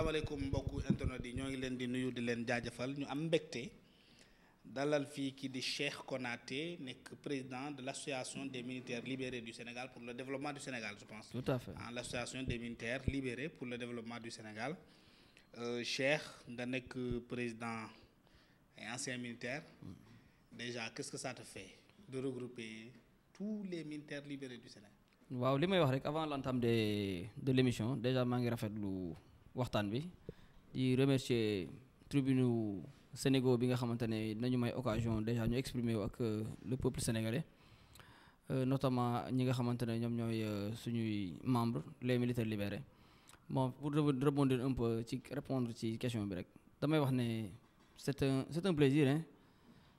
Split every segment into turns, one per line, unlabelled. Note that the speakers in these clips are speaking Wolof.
asalaamaaleykum mbokku internet yi ñoo ngi leen di nuyu di leen jaajëfal ñu am mbégte dalal fii kii di Cheikh Konaté nekk président de l' association des militaires libérés Sénégal pour le développement du Sénégal je pense. tout à ah, l' association des militaires libérés pour le développement du Sénégal euh, Cheikh nga nekk président et ancien militaire déjà qu'est-ce que ça te fait de regrouper tous les militaires libérés du Sénégal.
waaw li may wax rek avant l'entame de de l' déjà maa ngi rafet lu waxtaan bi di remercier tribune Sénégal bi nga xamante ne nañu may occasion déjà ñu exprimer wu ak euh, le peuple sénégalais euh, notamment ñi nga xamante ne ñoom ñooy euh, suñuy membres les militaires libérés bon pour rebondir un peu ci répondre ci question bi rek damay wax ne c'est un c'est un plaisir hein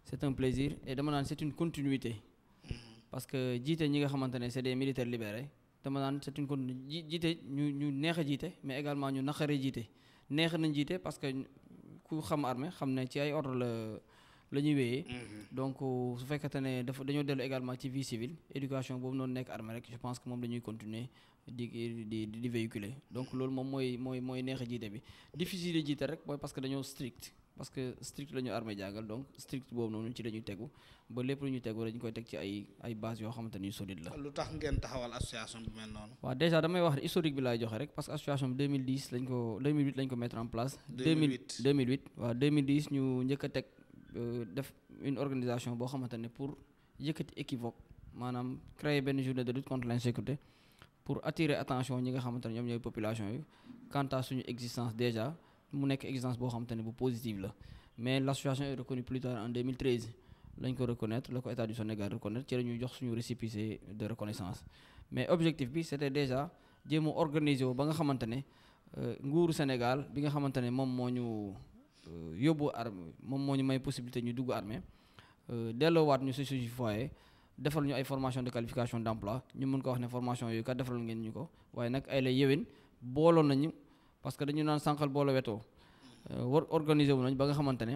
c'est un plaisir et dama naan c'est continuité mm-hmm. parce que jiite ñi nga xamante ne c'est des militaires libérés dama naan c'est une commune ji jiite ñu ñu neex a jiite mais également ñu naqaree jiite neex nañ jiite parce que ku xam armée xam ne ci ay ordre la la ñuy wéyee. Mhm. donc su fekkente ne dafa dañoo dellu également ci vie civile éducation boobu noonu nekk armée rek je pense que moom lañuy continuer di di di véhiculer donc loolu moom mooy mooy mooy neex a jiite bi difficile jiite rek mooy parce que dañoo strict. parce que strict la ñu armée jàngal donc strict boobu noonu ci la ñuy tegu ba lépp lu ñuy tegu dañu koy teg ci ay base yoo xamante ni solide la.
lu tax ngeen taxawal association bi mel noonu.
waaw déjà damay wax historique bi laay joxe rek parce que association bi lañ ko 2008 lañ ko mettre en place. 2008 2008 waaw 2010 ñu njëkk teg euh, def une organisation boo xamante ne pour yëkkati équivoque maanaam créer benn journée de lutte contre l'insécurité pour attirer attention ñi nga xamante ne ñoom ñooy population yi quant à suñu existence déjà. mu nekk exigence boo xamante ne bu positive la mais l' association est reconnue plus tard en 2013 lañ ko reconnaître la ko état du Sénégal reconnaître ci la jox suñu récépissé de reconnaissance mais objectif bi c' était déjà jéem a organiser wu ba nga xamante ne euh, nguuru Sénégal bi nga xamante ne moom moo ñu euh, yóbbu armée moom moo ñu may possibilité ñu dugg armée euh, delloowaat ñu si suñu foyer defal ñu ay formation de qualification d' emploi ñu mën ko wax ne formation yooyu kat defal ngeen ñu ko waaye parce que dañu naan sànqal boo la wetoo euh, war organiser wu nañ ba nga xamante ne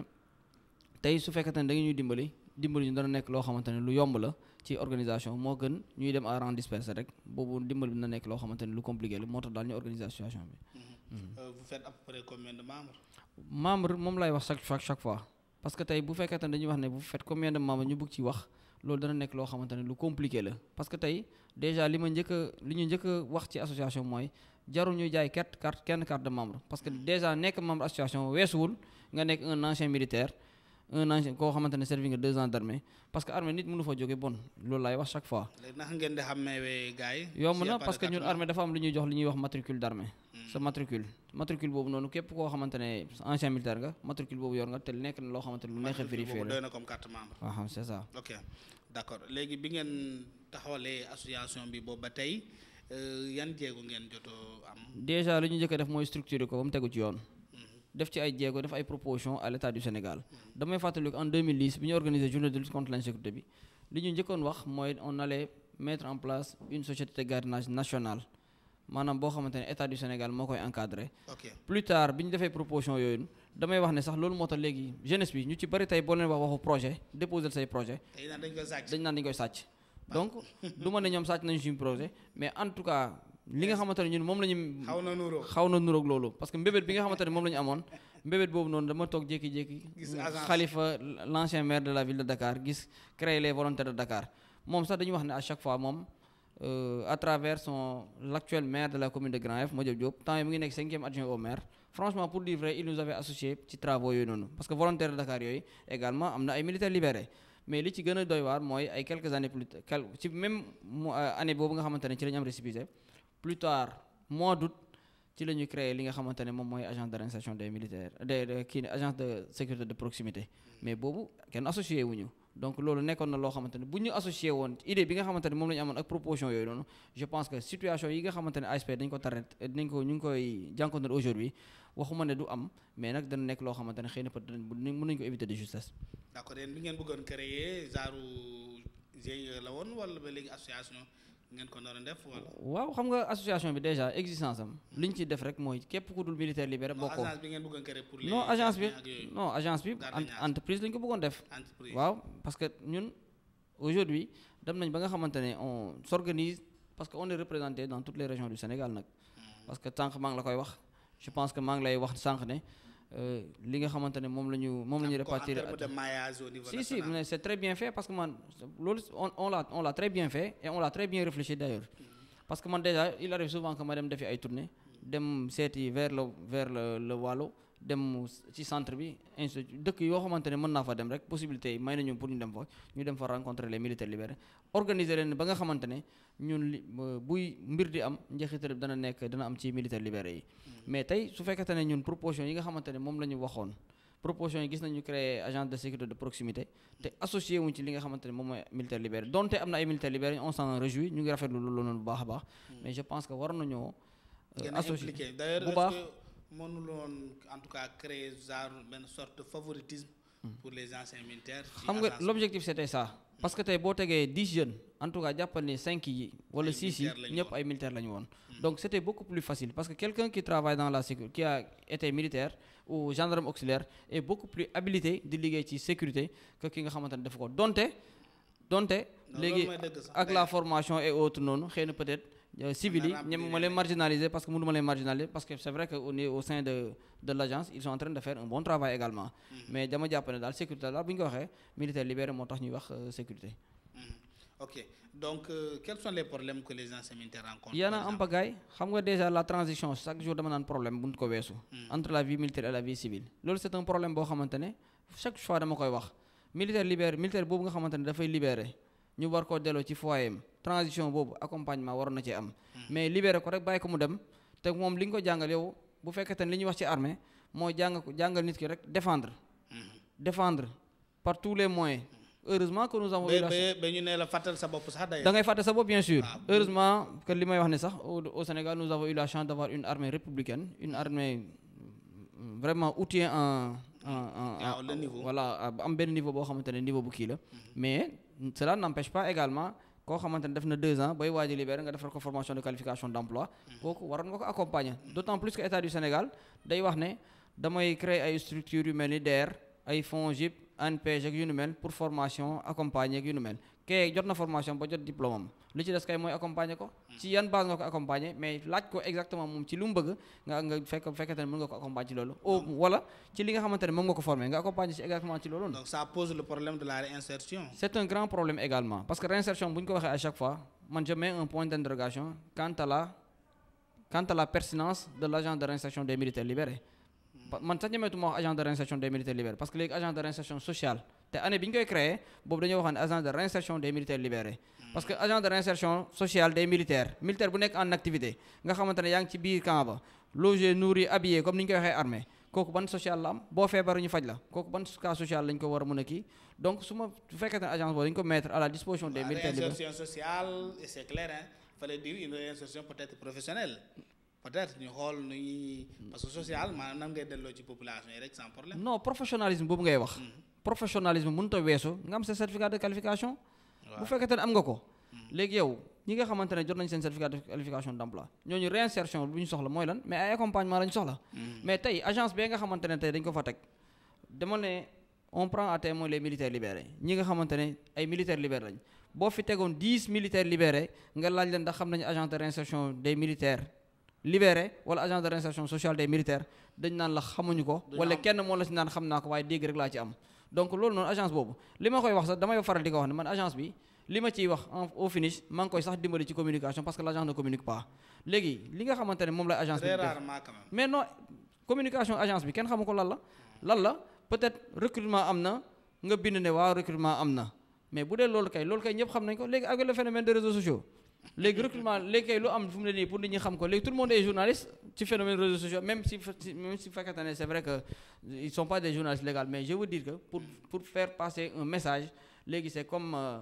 tey su fekkente ne da ngeen ñuy dimbali dimbali ñu dana nekk loo xamante ne lu yomb la ci organisation moo gën ñuy dem à rang rek boobu dimbali bi na nekk loo xamante ne lu compliqué la moo tax daal ñu organisation bi. Mhm.
Mhm. Euh, vous faites à
moom laay wax chaque chaque fois parce que tey bu fekkente ne dañuy wax wax. loolu dana nekk loo xamante ne lu compliqué la parce que tey déjà li ma njëkk a li ñu njëkk a wax ci association mooy jarul ñuy jaay ket carte kenn carte de membre parce que déjà nekk membre association weesuwul nga nekk un ancien militaire un ancien koo xamante ne nga deux ans d'armée parce que armée nit mënu fa jóge bon loolu laay wax chaque fois.
yomb na parce que ñun armée
dafa am lu ñuy jox li ñuy wax matricule d'armée. Hmm. sa matricule matricule boobu noonu képp koo xamante ne militaire nga matricule boobu yor nga te nekk na loo xamante lu neex
ba Euh, yan jéego ngeen jotoo am.
déjà lu ñu njëkk def mooy structurer ko ba mu tegu ci yoon. Mhm. def ci ay jéego def ay propositions à l'état du Sénégal. damay fàttali ko en 2010 bi ñu organisé journée de lutte contre l'insécurité bi li ñu njëkkoon wax mooy on allait mettre en place une société de gardiennage nationale maanaam boo xamante ne état du Sénégal moo koy encadré. plus tard bi ñu defee propositions yooyu. damay wax ne sax loolu moo tax léegi jeunesse bi ñu ci bari tey boo wax waxu projet donc du ma ne ñoom sàcc nañu suñu projet mais en tout cas li nga xamante ne ñun moom la ñu. xaw na nuróog xaw loolu. parce que mbébét bi nga xamante ne moom la ñu amoon mbébét boobu noonu dama toog jékki-jékki. gis Khalifa l'ancien maire de la ville de Dakar gis créer les volontaires de Dakar moom sax dañuy wax ne à chaque fois moom euh, à travers son l'actuel maire de la commune de Grand F Madiop Diop temps mu ngi nekk cinquième adjoint au maire. franchement pour dire que volontaires de Dakar yooyu également am na ay militaires libérés. mais li ci gën a doy mooy ay quelques années plus tard ci même euh, année boobu nga xamante ne ci la ñu am récépissé plus tard mois d'août ci la ñu créé li nga xamante ne moom mooy agence de réinsertion des militaires des kii agence de sécurité de proximité mm. mais boobu kenn associé wuñu donc loolu nekkoon na loo xamante ne bu ñu associé woon idée bi nga xamante ne moom la ñu amoon ak proposition yooyu noonu je pense que situation yi nga xamante ne ASP dañ ko tarret dinañ ko ñu ngi koy jànkoonte aujourd'hui waxuma ne du am mais nag dana nekk loo xamante ne xëy na peut être mën nañu ko éviter de justesse.
d' accord bi ngeen bëggoon créer genre GIE la woon wala ba léegi association. ngeen ko nar a def
waaw xam nga association bi déjà existence am. li ñu def rek mooy képp ku dul militaire libéré. bokkoo non agence bi ngeen bëggoon créer pour les. non agence bi entreprise la ko bëggoon def. entreprise waaw parce que ñun aujourd'hui dem nañ ba nga xamante ne on s'organise parce que on est représenté dans toutes les régions du Sénégal nag. Hmm. parce que sànq maa ngi la koy wax je pense que maa ngi lay wax sànq ne. Euh, li nga xamante moom la moom la ñu répartir si si mais c'est très bien fait parce que man loolu on l'a on l'a très bien fait et on l'a très bien réfléchi d'ailleurs parce que man déjà il arrive souvent que ma dem defi ay tournée dem seeti vers le vers le Waalo dem ci centre bi institut dëkk yoo xamante ne mën naa fa dem rek possibilité yi may nañu pour ñu dem fa ñu dem fa rencontrer les militaires libérés organiser leen ba nga xamante ñun li buy mbir di am njeexital dana nekk dana am ci militaires libérés yi. Mm. mais tey su fekkente ne ñun proposition yi nga xamante ne moom la ñu waxoon proposition yi gis nañu créer agence de sécurité de proximité te associé wuñ ci li nga xamante ne moom mooy militaires libérés donte na ay militaires libérés on s'en réjouit ñu ngi rafetlu a baax. Mm. pense que war nañoo. Euh, associé bu
mënuloon en tout cas créer genre benn sorte favoritisme. Hmm. pour les anciens militaires. xam nga
l'objectif c'était ça. Hmm. parce que tey boo tegee dix jeunes en tout cas jàppal ne cinq yi wala six yi ñëpp ay militaires la ñu woon hmm. donc c'était beaucoup plus facile parce que quelqu'un qui travaille dans la sécurité qui a été militaire ou gendarme auxiliaire est beaucoup plus habilité di liggéey ci sécurité que ki nga xamante dafa ko donte donte léegi ak la formation et autres noonu xëy na peut-être Euh, civils yi ñoom ma leen marginaliser parce que mënu ma leen marginaliser parce que c' est que au sein de de l' agence ils sont en train de faire un bon travail également mm-hmm. mais dama jàpp ne daal sécurité daal bu ñu ko waxee militaire libéré moo tax ñuy wax euh, sécurité
mm-hmm. ok donc euh,
xam nga déjà la transition chaque jour dama naan problème buñ ko weesu mm-hmm. entre la vie militaire et la vie civile loolu c' problème boo xamante chaque fois dama koy wax ñu war koo delloo ci foyer am transition boobu accompagnement waroon na ci am. Hmm. mais libéré ko rek bàyyi ko mu dem te moom li nga ko jàngal yow bu fekkete te li ñuy wax ci armée mooy jàng jàngal nit ki rek défendre. Hmm. défendre par tous les moyens. Hmm. heureusement que nous
ñu ne la fàttal sa bopp sax da ngay fàttal
sa bopp bien sûr. Ah, li may wax ne sax au Sénégal nous avons eu la chance d'avoir une armée républicaine une armée vraiment outillée en en en. Ah, voilà am benn niveau boo xamante ne niveau bu kii la mais. cela n'empêche pas également koo xamante ne def na deux ans booy waaj a libéré nga defal ko formation de qualification d'emploi hmm. kooku waroon nga ko accompagner d'autant plus que état du Sénégal day wax ne damay créer ay structures yu mel ni DER ay fonds JIP ANPEJ ak yu nu mel pour formation accompagner ak yu nu mel kee jot na formation ba jot diplôme am lu ci des kay mooy accompagner ko hmm. ci yan base nga ko accompagner mais laaj ko exactement moom ci lu mu bëgg nga nga fekk fekkete ne nga ko accompagner ci loolu au hmm. wala ci li nga xamante ne nga ko former nga accompagner ci exactement ci loolu donc ça pose le problème de la réinsertion c'est un grand problème également parce que réinsertion bu ñu ko waxee à chaque fois man je un point d'interrogation te année bi ñu koy créé boobu dañoo waxoon agence de réinsertion des militaires libérés parce que agent de réinsertion sociale des militaires militaire bu nekk en activité nga xamante ne yaa ngi ci biir camp ba logé nourri habillé comme ni ñu koy waxee armée kooku ban social la am boo feebaru ñu faj la kooku ban cas social lañ ko war a mun a kii donc su ma fekkee ne agence boobu dañu ko mettre à la disposition des militaires libérés
réinsertion sociale c'est clair hein xool nu ñuy parce que social maanaam ci population yi rek sans problème
non professionnalisme boobu ngay wax mm-hmm. professionnalisme mun ta weesu nga am sa certificat de qualification. bu fekkente ne am nga ko. Hmm. léegi yow ñi nga xamante ne jot nañ seen certificat de qualification d' emploi ñooñu réinsertion bu soxla mooy lan mais ay accompagnement la ñu soxla. Hmm. mais tey agence bee nga xamante ne tey dañ ko fa teg dama ne on prend à témoin les militaires libérés ñi nga xamante ne ay militaires libérés lañ boo fi tegoon dix militaires libérés nga laaj leen ndax xam nañu agence de réinsertion des militaires libérés wala agence de réinsertion sociale des militaires dañ naan la xamuñu ko. wala kenn moo la si xam naa ko waaye dégg laa ci am. donc loolu noonu agence boobu li ma koy wax sax damay faral di ko wax ne man agence bi li ma ciy wax au finish maa koy sax dimbali ci communication parce que l' agence ne communique pas léegi li nga xamante ne moom la agence bi mais non communication agence bi kenn xamu ko lal la lan la peut-être recrutement am na nga bind ne waa recrutement am na mais bu dee loolu kay loolu kay ñëpp xam nañ ko léegi ak le de réseaux sociaux léegi recrutement léegi kay lu am fu mu ne nii pour nit ñi xam ko léegi tout le monde est journaliste ci phénomène réseaux sociaux même si même c'est vrai que ils sont pas des journalistes légaux mais je veux dire que pour pour faire passer un message léegi c'est comme euh,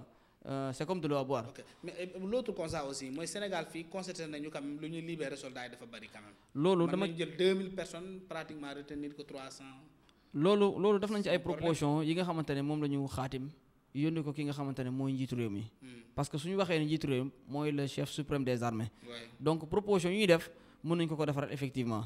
euh c'est comme de l'eau à
euh, mooy Sénégal fii constaté nañu quand même lu ñuy dafa bari quand même.
loolu dama mën nañu
jël 2000 personnes pratiquement retenir que 300.
loolu loolu def nañ ci ay propositions yi nga xamante ne moom la ñu xaatim. yónni ko ki nga xamante ne mooy njiitu réew mi. Hmm. parce que suñu waxee ne njiitu réew mooy le chef suprême des armées. donc proposition yi ñuy def mën nañ ko ko defaraat effectivement.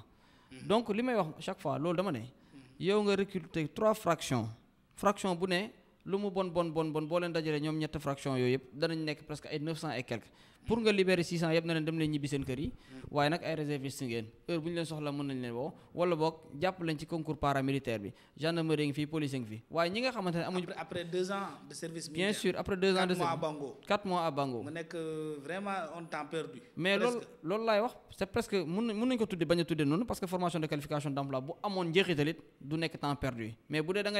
Hmm. donc li may wax chaque fois loolu dama ne. Hmm. yow nga recruter trois fractions fraction bu ne lu mu bon bon bon bon boo leen dajalee ñoom ñett fraction yooyu yëpp danañ nekk presque ay neuf cent et quelques. pour nga libérer 600 yëpp na leen dem leen ñibbi seen kër yi waaye nag ay réservistes ngeen heure bu ñu leen soxla mën nañ leen woo wala boog jàpp leen ci concours paramilitaire bi gendarmerie ngi fii police ngi fii waaye ñi nga xamante ne amuñu. après deux ans de service militaire bien sûr après deux ans de service 4 mois à Bango 4 mois à Bango. mu a tuddee noonu parce que formation de qualification d' emploi amoon njeexital du nekk temps perdu mais bu dee da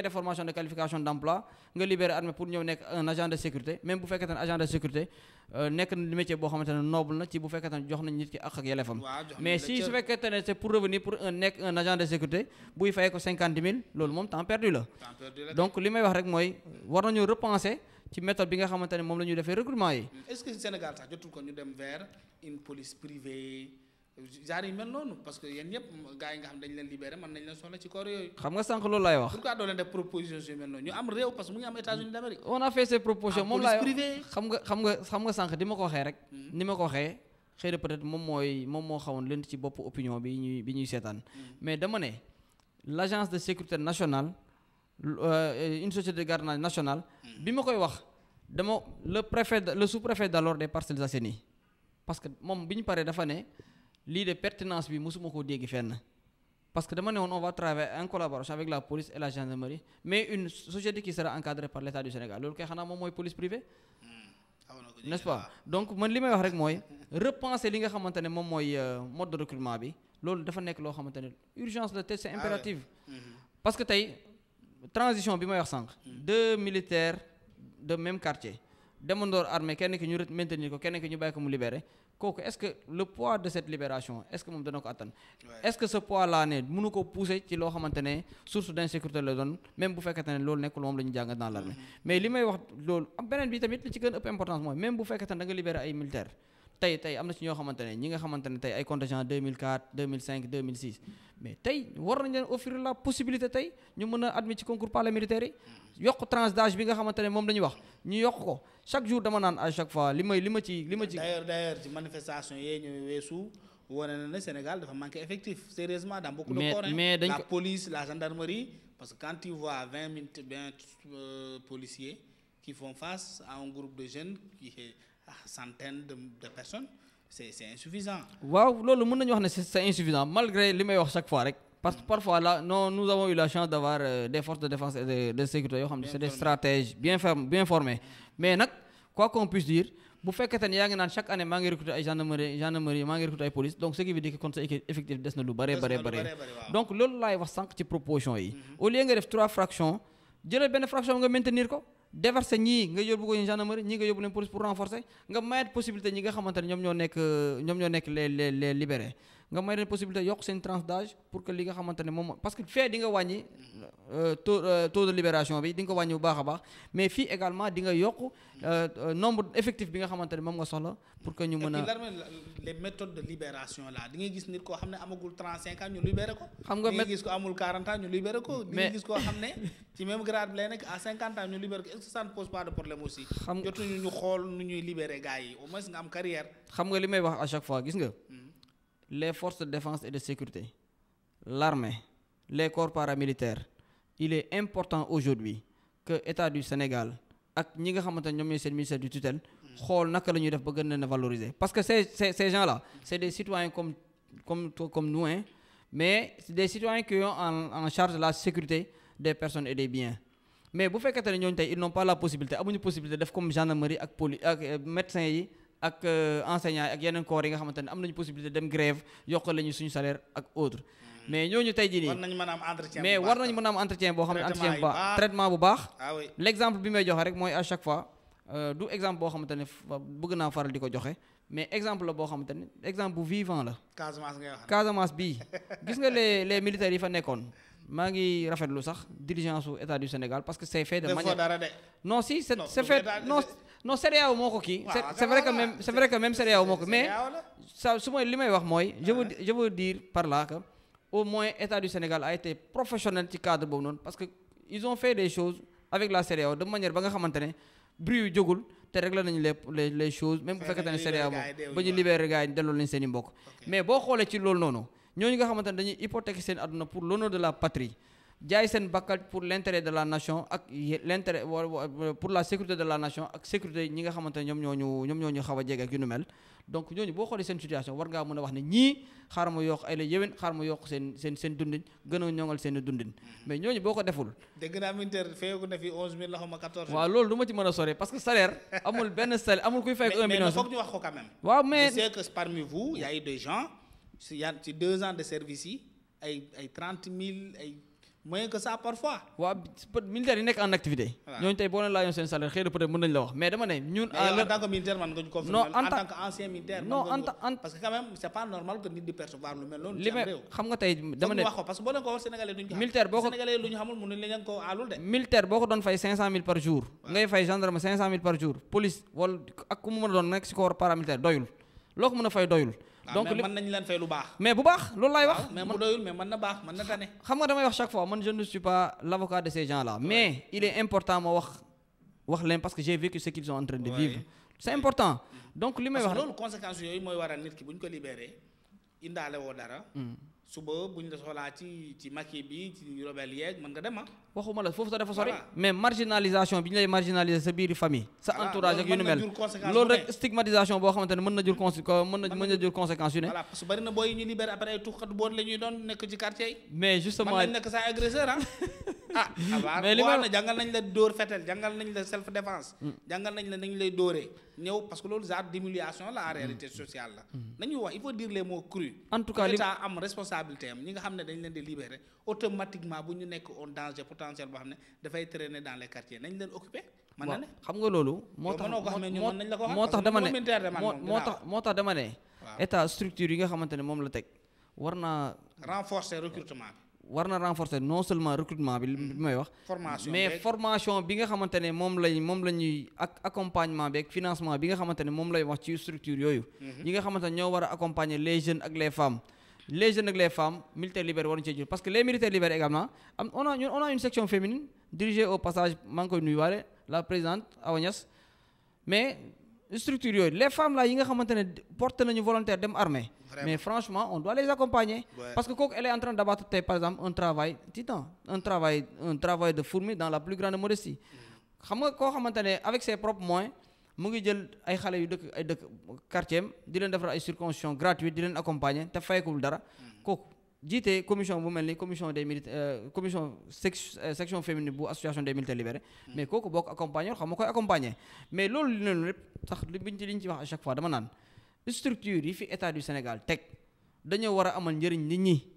liggéey boo xamante ne na ci bu fekkente ne jox nañ nit ki ak ak yelefam mais si su fekkente ne c'est pour revenir pour nekk un de sécurité buy fay ko cinquante mille loolu moom temps perdu la donc li may wax rek mooy war nañu repenser ci méthode bi nga xamante moom la defee recrutement yi
genre yi mel noonu parce que yéen ñëpp gars yi nga xam dañ leen libéré mën nañ leen
nga sànq loolu laay wax.
pourquoi doo leen def proposition yu mel noonu ñu am réew parce que mu ngi am États-Unis d'Amérique. on a xam
nga xam nga xam di ma ko waxee rek. Hmm. ni ma ko waxee xëy peut-être moom mooy moom moo xawoon lënt ci bopp opinion bi ñuy seetaan. Hmm. mais dama ne l'agence de sécurité nationale euh, une société de gardiennage nationale. Hmm. bi ma koy wax dama le préfet le sous-préfet d'alors des parce lii de pertinence bi suma koo dégg fenn parce que dama ne woon on va travailler en collaboration avec la police et la gendarmerie mais une société qui sera encadrée par l'État du Sénégal loolu kay xanaa moom mooy police privée nest pas donc man li may wax rek mooy repenser li nga xamante ne moom mooy euh, mode de recrutement bi loolu dafa nekk loo xamante ne urgence la te c'est ah impératif mhm. parce que tey transition bi may wax sànq mhm. deux militaire de même quartier demandoor armée kenn ki ñu maintenir ko kenn ki ñu bàyyi ko mu libéré kooku est-ce que le poids de cette libération est-ce que moom dana ko attan est-ce que ce poids là ne mënu ko pousser ci loo xamante ne source d'insécurité la doon même bu fekkete ne loolu nekkul moom la ñu jàng dans l'armée mm-hmm. mais li may wax loolu beneen bi tamit ci gën ëpp importance mooy même bu fekkete ne da nga ay militaires tey tey am na ci ñoo xamante ne ñi nga xamante ne tey ay contingent 2004 2005 2006 mais tey war nañ leen offrir la possibilité tey ñu mën a admis ci concours parlementaire yi yokk tranche bi nga xamante ne moom la wax ñu yokk ko chaque jour dama naan à chaque fois li may li ma ci li ma ci. d'ailleurs d'ailleurs ci manifestation yee ñu weesu wane na ne Sénégal dafa manquer effectif
sérieusement dans beaucoup de corps la police la gendarmerie parce que quand tu vois vingt mille vingt euh, policiers qui font face groupe de jeunes qui centaines de de personnes c'est c'est insuffisant.
waaw loolu mën nañu wax ne c'est insuffisant malgré li may wax chaque fois rek. parce que mm. parfois là non nous avons eu la chance d'avoir euh, des forces de défense et de yoo xam ne c'est des stratèges bien fermes bien formés mais nag quoi qu'on puisse dire. bu fekkente yaa ngi naan chaque année maa ngi recruter ay gendarmerie gendarmerie maa ngi recruter ay police donc ce qui veut dire que kon sa effectif des na lu bare bare bare donc loolu laay wax sànq déverser ñii nga yóbbu ko ñu gendarmerie ñii nga yóbbu leen police pour renforcer nga mayet possibilité ñi nga xamante ne ñoom ñoo nekk ñoom ñoo nekk les les les libérés nga may leen possibilité yokk seen tranche d'âge pour que li nga xamante ne moom parce que fee di wàññi euh, euh, bi di nga ko wàññi bu baax a baax mais fi également di nga yokk euh, nombre effectif bi nga xamante ne moom nga soxla pour que ñu mën a
les méthodes de libération la di nga gis nit koo xam ne amagul 35 ans ñu libéré ko xam nga gis ko amul 40 ans ñu libéré ko di nga xam ne ci même grade bi lay nekk à 50 ans ñu libéré ko est-ce pas de problème aussi jotuñu ñu xool nu ñuy libéré gars yi au moins xam
nga li may wax à chaque gis nga hmm. les forces de défense et de sécurité, l'armée, les corps paramilitaires, il est important aujourd'hui que État du Sénégal ak ñi nga xamante ne ñoom ñooy seen ministère du tutelle xool naka la ñuy def ba gën leen a valoriser parce que ces ces ces gens c'est des citoyens comme comme comme nous mais c'est des citoyens qui ont en en charge la sécurité des personnes et des biens mais bu fekkente ne ñooñu tey ils n'ont pas la possibilité amuñu possibilité def comme gendarmerie ak poli euh, yi ak euh, enseignants yi ak yeneen corps yi nga xamante ne am nañu possibilité dem grève yokkal lañu suñu salaire ak autre hmm. mais ñooñu tey jii nii war nañu mën a am entretien mais war nañu mën a am entretien boo xam ne entretien bu traitement bu baax ah l' bi may joxe rek mooy à chaque fois euh, du exemple boo xamante ne euh, bëgg naa faral di ko joxe mais exemple la boo xamante ne exemple bu vivant la Casamance ngay wax bii gis nga les les militaires yi fa nekkoon maa ngi lu sax dirigeance su état du Sénégal parce que c' est non CEDEAO moo ko kii. c'est vrai que moo ko mais. sa su may li may wax mooy. je veux je veux dire par là que au moins État du Sénégal a été professionnel ci cadre boobu noonu parce que ils ont fait des choses avec la CEDEAO de manière ba nga xamante ne bruit yu jógul te réglé nañu les les les choses même bu fekkee ne ba ñu libéré gars yi delloo nañu seen i mbokk. mais boo xoolee ci loolu noonu ñooñu nga xamante dañuy hypothéquer seen àdduna pour l'honneur de jaay seen bakkat pour l' intérêt de la nation ak l' intérêt sécurité de la nation ak sécurité ñi nga xamante ne ñoom ñoo ñu ñoom ñoo ñu xaw a jege ak yu nu mel donc ñooñu boo xoolee ne ñii xaaral ma yokk ay yokk seen seen seen dundin gën a ñoŋal seen dundin mm-hmm. mais ñooñu boo ko deful. dégg naa ministère feeku na
fi 11000 la xam ma
loolu du ci mën a sore parce que salaire amul benn salaire amul kuy fay. 1 million mais mais foog ñu wax
ko quand même. y deux ans de service yi ay trente 30 ay. moyen que ça parfois. waa militaire yi nekk en
activité. waaw tey boo leen laajoon seen salaire xëy na peut être nañu la wax mais dama ne. ñun en parce que boo leen ko wax sénégalais militaire boo ko militaire boo ko doon fay 500000 par jour. ngay fay gendarme 500000 par jour police wala ak mu mën a doon nekk si corps paramilitaire doyul loo ko mën a fay doyul Ah, donc li mën nañ leen fay lu baax. mais bu baax loolu laay wax. mais mu na baax mën na tane. xam nga damay wax chaque fois man je ne suis pas l' avocat de ces gens là mais il est important ma wax wax leen parce que j'ai vécu ce qu' ils sont en train de vivre. c' est important donc
li may wax. loolu conséquences yooyu mooy waral nit ki bu ñu ko libéré indaale woo dara. Hmm. suba bu ñu la soxlaa ci ci maquis bi ci robel yeeg mën nga dem ah. waxuma la foofu sax dafa sori.
mais marginalisation bi ñu lay marginaliser sa biir famille. sa entourage ak yu ni mel loolu rek stigmatisation boo xamante ne mën na jur cons mën na mën na jur conséquence yu ne. voilà parce que
bari na doon nekk ci quartier yi. mais justement mën nekk sa agresseur ah.
ah abaar ah, mais li ma la jàngal nañ
la dóor fetel jàngal nañ la self hmm. nañ lay dóoree ñëw parce que loolu genre diminution la en hmm. réalité sociale la nañuy wax en tout cas l'état am responsabilité am nga xam ne dañ leen di libérer automatiquement bu ñu nekk en danger potentiel boo xam ne dafay traîner dans les quartiers nañ leen occuper man na ne
xam nga loolu moo tax moo tax dama ne moo tax moo tax dama ne état structure yi nga xamante ne moom la teg war naa
renforcer recrutement bi
war na renforcer non seulement recrutement bi li may wax.
Mm-hmm.
formation bi nga xamante ne moom lañ moom la ñuy ak accompagnement bi ak financement bi nga xamante ne moom lay wax ci structure yooyu. Mm-hmm. ñi nga xamante ñoo war a accompagner les jeunes ak les femmes. les jeunes ak les femmes militaires libéraux war nañu cee jur parce que les militaires libéraux également am on a une section féminine dirigée au passage maa ngi koy nuyuwaale la présidente Awa mais. structures yooyu les femmes là yi nga xamante ne porte nañu volontaire dem armée mais franchement on doit les accompagner parce que kooku elle est en train d'abattre tey par exemple un travail titan un travail un travail de fourmi dans la plus grande modestie xam nga koo xamante ne avec ses propres moyens mu ngi jël ay xale yu dëkk ay dëkk quartier di leen defar ay circoncision gratuite di leen accompagner te faykul dara mm. kooku jiite commission bu mel ni commission des militaires euh, commission euh, section féminine bu association des militaires libérés hmm. mais kooku boo ko accompagner xam nga koy accompagner mais loolu noonu lépp sax li biñ ci liñ ci wax à chaque fois dama naan structure yi fi état du Sénégal teg dañoo war a amal njëriñ nit ñi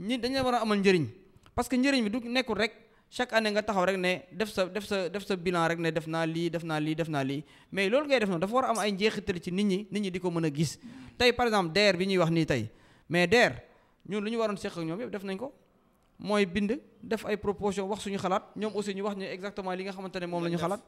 ñi dañoo war a amal njëriñ parce que njëriñ bi du nekkul rek chaque année nga taxaw rek ne def sa def sa def sa bilan rek ne def naa lii def naa lii def naa lii mais loolu ngay def noonu dafa war a am ay njeexital ci nit ñi nit ñi di ko mën a gis hmm. tey par exemple DER bi ñuy wax nii tey mais DER ñun lu ñu waroon seq ak ñoom yëpp def nañ ko mooy bind def ay proposition wax suñu xalaat ñoom aussi ñu wax ñu exactement li nga xamante ne moom la ñu xalaat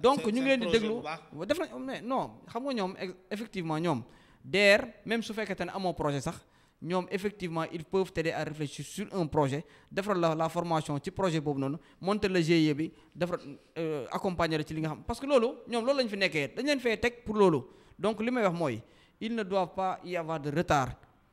donc ñu ngi leen di déglu def nañ mais no xam nga ñoom effectivement ñoom DER même su fekkee ne amoo projet sax ñoom effectivement ils peuvent t'aider à réfléchir sur un projet defaral la la formation ci projet boobu noonu monter le GIE bi defar euh, accompagner la ci li nga xam parce que loolu ñoom loolu la fi nekkee dañ leen fay pour loolu donc li may wax mooy ils ne doivent pas y avoir de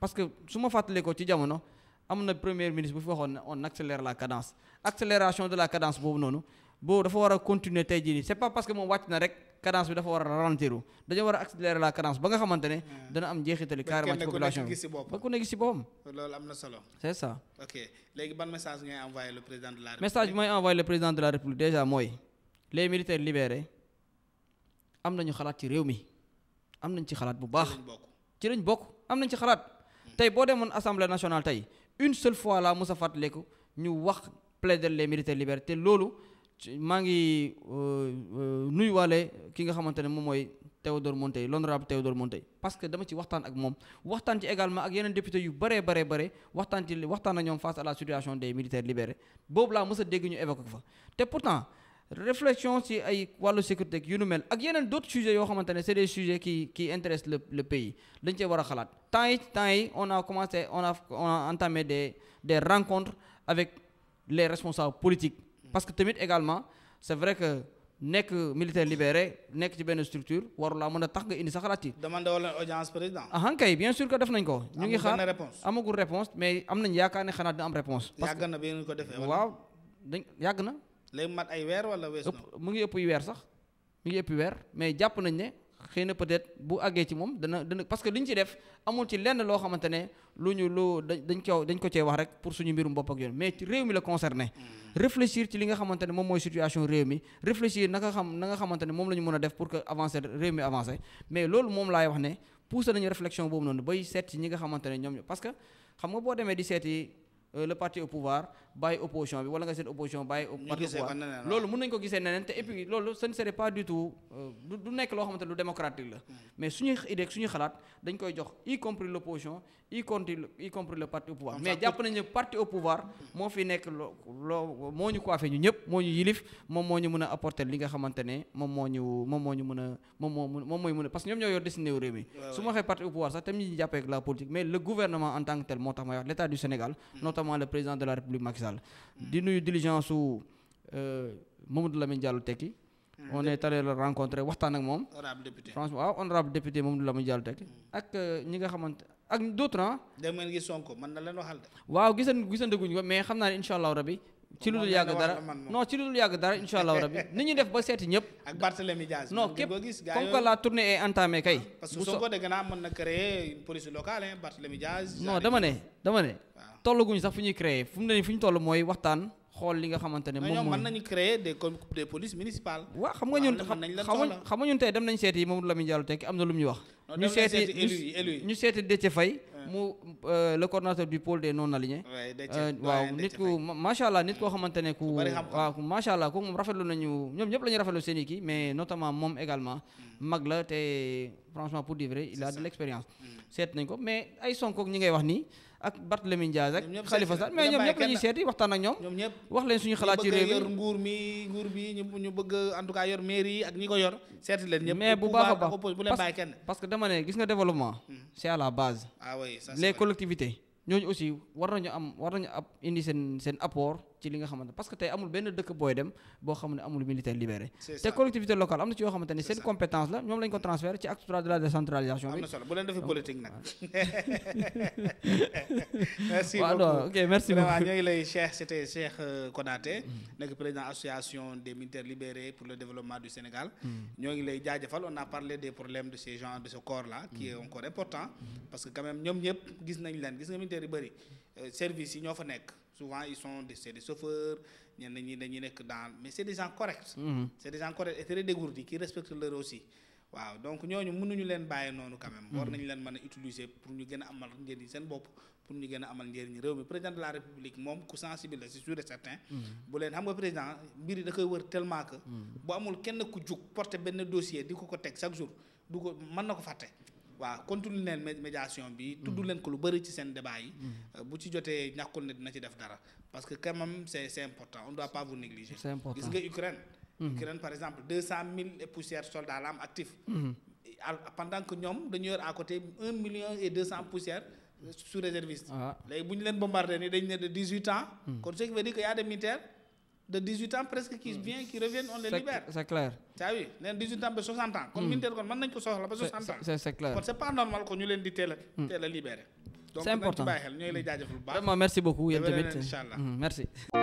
parce que su ma fàttalee ko ci jamono am na premier ministre bu fi waxoon ne on accélère la cadence accélération de la cadence boobu noonu boobu dafa war a continuer tey jii nii c'est pas parce moom wàcc na rek cadence bi dafa war a ralentir dañoo war a la cadence ba nga xamante hmm. dana am njeexitali carrément ci population
ba ku ne gis si boppam. loolu am na solo. c'est ça. ok le président de la république. message
bi may mooy les militaires libérés am nañu xalaat ci réew mi am nañ ci xalaat bu baax. ci xalaat. tey boo demoon assemblée nationale tey une seule fois laa mos a fàttaliku ñu wax plaider les militaires libres te loolu maa ngi euh, euh, nuyuwaale ki nga xamante ne moom mooy Théodore Montey l'honorable Théodore Montey parce que dama ci waxtaan ak moom waxtaan ci également ak yeneen député yu bëree bëree bëre waxtaan ci waxtaan ak ñoom face à la situation des militaires libérés boobu laa mos a dégg ñu évoqué ko fa te pourtant. réflexion si ay wàllu sécurité yu nu mel ak yeneen d'autres sujets yoo xamante ne c'est des sujets qui qui intéressent le le pays dañ cee war a xalaat temps yi temps yi on a commencé on a on des rencontres avec les responsables politiques parce que tamit également c'est vrai que nekk militaire libéré nekk ci benn structure warulaa mën a tax nga indi sa xalaat yi. demandé wala audience président. ah kay bien sûr que def nañ ko. ñu ngi xaar amagul réponse mais am nañ yaakaar ne xanaa dina am réponse. na bi ko defee. waaw yàgg na. lay mat ay weer wala wees na weer sax mu weer mais jàpp nañ ne xëy na peut-être bu àggee ci moom dana dana parce que li ci def amul ci lenn loo xamante ne lu ñu lu dañ ko dañ ko cee wax rek pour suñu mbirum bopp ak yoon mais ci réew mi la concerné. Hmm. réfléchir ci li nga xamante ne moom mooy situation réew mi réfléchir naka xam na nga xamante ne moom la ñu mën a def pour que avancer réew mi avancer mais loolu moom laay wax ne poussé nañu réflexion boobu noonu bay seet ci ñi nga xamante ne ñoom parce que xam nga boo demee di seeti euh, le parti au pouvoir bàyyi opposition bi wala nga seen opposition bàyyi parti loolu mën nañu ko gisee neneen te et puis loolu ce ne serait pas du tout euh, du nekk loo xamante lu démocratique la hmm. mais suñuy idée suñuy xalaat dañ koy jox y compris l' y compris y parti au pouvoir mais jàpp nañu parti au pouvoir hmm. moo fi nekk loo loo moo ñu coiffé ñu ñëpp moo ñu yilif moom moo ñu mën a apporter li nga xamante ne moom moo moom moom moom moo Sall. di nuyu diligence su euh, Mamadou Lamine Diallo tekki. Hmm. on est allé la rencontrer waxtaan ak moom. honorable député franchement waaw honorable député Mamadou Lamine Diallo tekki. Hmm.
ak euh, ñi nga xamante
ak d'autres ah. dem
ngeen ne a
dama ne dama ne. tollaguñ sax fu ñuy créer fu mu ne nii fu ñu toll mooy waxtaan xool li nga xamante ne moom mooy mën nañu créer des des polices municipales. waaw xam nga ñun xam xam nga ñun tey dem nañ seeti Mamadou Lamine Diallo Tekki am na lu mu ñu wax. ñu seeti ñu seeti Déthié Faye mu euh, le coordonnateur de pôle na li ñu waaw nit ku macha allah nit koo xamante ne ku waaw macha allah kooku moom rafetlu nañu ñoom ñëpp la ñuy rafetlu seen i kii mais notament moom également mm. mag la te franchement pour dire vrai il a de l' expérience. Hmm. seet nañ ko mais ay sonkook ñi ngay wax nii ak Barthélémy Dias ak. Khalifa Sall mais ñoom ñëpp la seeti waxtaan ak ñoom. wax leen suñu xalaat ci réew yi
ak ñi ko yor. seeti leen ñëpp mais bu baax a baax bu
leen gis nga développement. Hmm. c' la base. ah oui les collectivités aussi war nañu am war nañu ab indi seen seen apport. ci li nga xamante parce que tey amul benn dëkk booy dem boo xam ne amul militaire libéré te collectivité locale am na ci yoo xamante ni seen compétence la ñoom lañ bu leen defee politique nag merci beaucoup waaw ok ñooy
lay Cheikh c'était Cheikh euh, Konaté mm. nekk président association des militaires libérés pour le développement du Sénégal mm. ñoo ngi lay jaajëfal on a parlé des problèmes de ces gens de ce corps là qui mm. est encore important parce que quand ñoom ñëpp gis nañ leen gis nga militaire yu euh, service yi ñoo fa nekk souvent ils sont des c'est des chauffeurs ñenn ñi dañuy nekk dans mais c'est des gens corrects. Mhm. c'est des gens corrects et très dégourdis qui respectent leur aussi. waaw donc ñooñu mënuñu leen bàyyi noonu quand mhm. war nañu leen mën a utiliser pour ñu gën a amal njëriñ seen bopp pour ñu gën a amal njëriñ réew mi président de la république moom ku sensible la c'est sûr et certain. Mhm. bu leen xam nga président mbir yi da wër tellement que. bu amul kenn ku jug porter benn dossier na ko fàtte. waaw continue leen médiation bi. tudd mm. leen ko lu bëri ci seen débat yi. Mm. Euh, bu ci jotee ñàkkul ne dina ci def dara parce que quand même c' est c' est important on doit pas vous négliger. c' est Ukraine. Mm. Ukraine par exemple deux cent mille et poussière soldats la am actif. pendant que ñoom dañu yor à côté un million et deux cent poussières euh, sous réservistes. Ah. léegi bu ñu leen bombardé nii dañ ne dix huit ans. kon ce qui veut dire que y a des militaires. de 18 ans presque qui hmm. vient qui reviennent on les libère. c'est clair. t'as vu nee na 18 ans ba 60 ans. kon hmm. Minitel kon mën nañ ko soxla ba 60 ans. c'est clair kon c'est pas normal ko ñu leen di teel a. Hmm. teel c'est important
merci beaucoup yéen tamit merci.